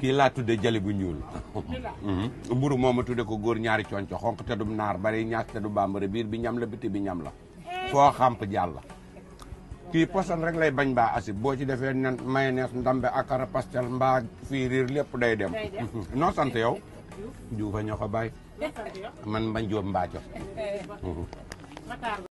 kii laa tudde jali bu ñuul mm-hmm. mburu mooma tudde ko góor ñaari conco xonq te du naar bari ñaak te du bambara biir bi ñam la biti bi ñam la foo xamp jàll kii poson rek lay bañ baa asib boo ci defee nen mayonnaise ndambe akara pastel mbaa fiiriir lépp day dem mm-hmm. noo sant yow juufa ñoo ko bàyyi man mbañ jóob mbaaco